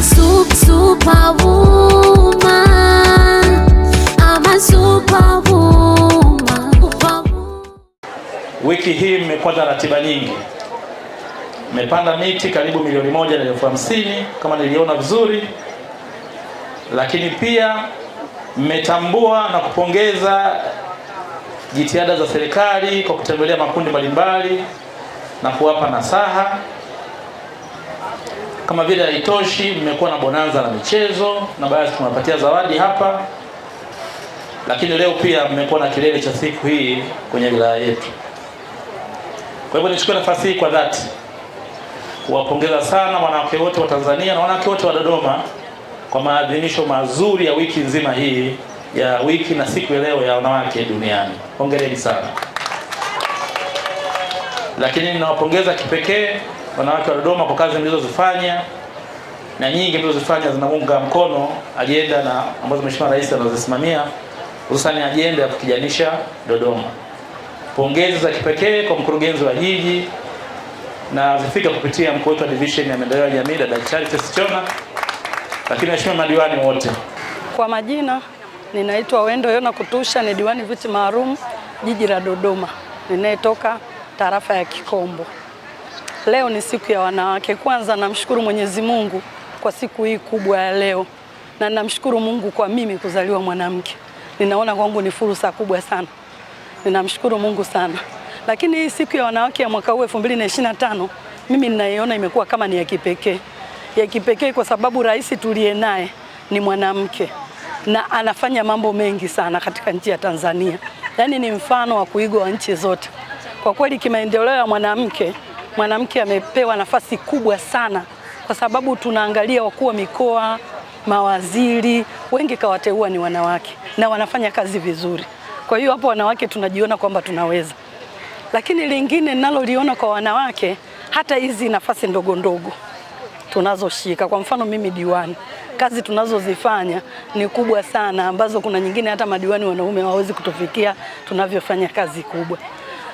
ama super, Wiki hii mmepata ratiba nyingi, mmepanda miti karibu milioni moja na elfu hamsini kama niliona vizuri, lakini pia mmetambua na kupongeza jitihada za serikali kwa kutembelea makundi mbalimbali na kuwapa nasaha. Kama vile haitoshi, mmekuwa na bonanza la michezo na baadhi tunawapatia zawadi hapa, lakini leo pia mmekuwa na kilele cha siku hii kwenye wilaya yetu. Kwa hivyo nichukue nafasi hii kwa dhati kuwapongeza sana wanawake wote wa Tanzania na wanawake wote wa Dodoma kwa maadhimisho mazuri ya wiki nzima hii ya wiki na siku ya leo ya wanawake duniani. Hongereni sana, lakini ninawapongeza kipekee wanawake wa Dodoma kwa kazi mlizozifanya na nyingi mlizozifanya zinaunga mkono ajenda na ambazo Mheshimiwa Rais anazisimamia hususan ajenda ya kukijanisha Dodoma. Pongezi za kipekee kwa mkurugenzi wa jiji na zifika kupitia mkuu wetu wa division ya maendeleo ya jamii Daktari Charity lakini waheshimiwa madiwani wote. Kwa majina ninaitwa Wendo Yona Kutusha, ni diwani viti maalum jiji la Dodoma, ninayetoka tarafa ya Kikombo. Leo ni siku ya wanawake. Kwanza namshukuru Mwenyezi Mungu kwa siku hii kubwa ya leo, na namshukuru Mungu kwa mimi kuzaliwa mwanamke. Ninaona kwangu ni fursa kubwa sana, ninamshukuru Mungu sana. Lakini hii siku ya wanawake ya mwaka huu 2025 mimi ninaiona imekuwa kama ni ya kipekee, ya kipekee kwa sababu rais tuliye naye ni mwanamke na anafanya mambo mengi sana katika nchi ya Tanzania, yaani ni mfano wa kuigwa nchi zote kwa kweli, kimaendeleo ya mwanamke mwanamke amepewa nafasi kubwa sana, kwa sababu tunaangalia wakuu wa mikoa, mawaziri wengi kawateua ni wanawake na wanafanya kazi vizuri. Kwa hiyo hapo wanawake tunajiona kwamba tunaweza, lakini lingine naloliona kwa wanawake, hata hizi nafasi ndogo ndogo tunazoshika, kwa mfano mimi diwani, kazi tunazozifanya ni kubwa sana, ambazo kuna nyingine hata madiwani wanaume hawawezi kutufikia tunavyofanya kazi kubwa.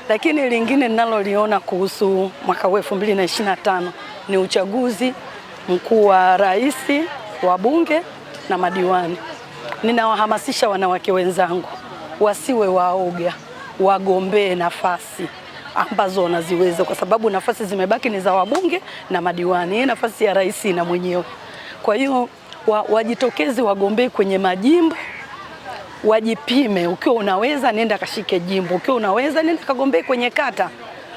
Lakini lingine ninaloliona kuhusu mwaka huu 2025 ni uchaguzi mkuu wa rais, wabunge na madiwani. Ninawahamasisha wanawake wenzangu wasiwe waoga, wagombee nafasi ambazo wanaziweza, kwa sababu nafasi zimebaki ni za wabunge na madiwani. Hii nafasi ya rais na mwenyewe, kwa hiyo wajitokeze, wagombee kwenye majimbo wajipime. Ukiwa unaweza nenda kashike jimbo, ukiwa unaweza nenda kagombee kwenye kata,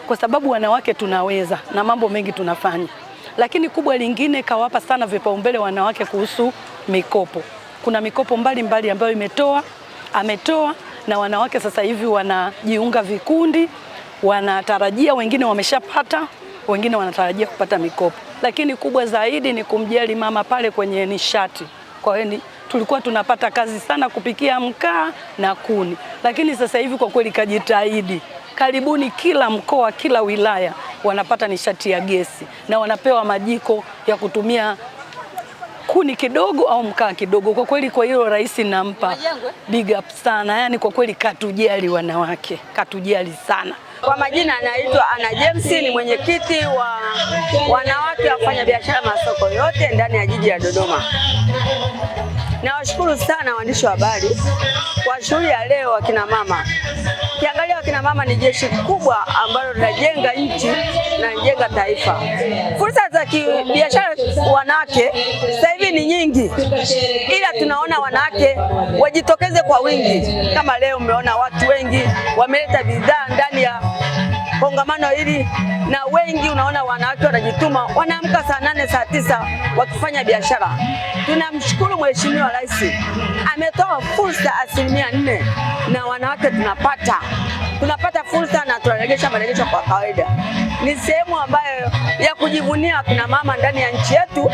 kwa sababu wanawake tunaweza na mambo mengi tunafanya. Lakini kubwa lingine, kawapa sana vipaumbele wanawake kuhusu mikopo. Kuna mikopo mbalimbali mbali ambayo imetoa ametoa, na wanawake sasa hivi wanajiunga vikundi, wanatarajia wengine wameshapata wengine wanatarajia kupata mikopo, lakini kubwa zaidi ni kumjali mama pale kwenye nishati. Kwa hiyo ni tulikuwa tunapata kazi sana kupikia mkaa na kuni, lakini sasa hivi kwa kweli kajitahidi, karibuni kila mkoa, kila wilaya wanapata nishati ya gesi na wanapewa majiko ya kutumia kuni kidogo au mkaa kidogo. Kwa kweli kwa hilo rais nampa big up sana, yani kwa kweli katujali wanawake, katujali sana. Kwa majina anaitwa Ana James, ni mwenyekiti wa wanawake wafanya biashara masoko yote ndani ya jiji la Dodoma. Nawashukuru sana waandishi wa habari kwa shughuli ya leo. Akina mama, kiangalia, akina mama ni jeshi kubwa ambalo linajenga nchi na linajenga taifa. Fursa za kibiashara wanawake sasa hivi ni nyingi, ila tunaona wanawake wajitokeze kwa wingi. Kama leo umeona watu wengi wameleta bidhaa ndani ya kongamano hili, na wengi unaona wanawake wanajituma, wanaamka saa nane saa tisa wakifanya biashara. Tunamshukuru Mheshimiwa Rais ametoa fursa asilimia nne na wanawake tunapata tunapata fursa na tunaregesha maregesho kwa kawaida. Ni sehemu ambayo ya kujivunia kina mama ndani ya nchi yetu.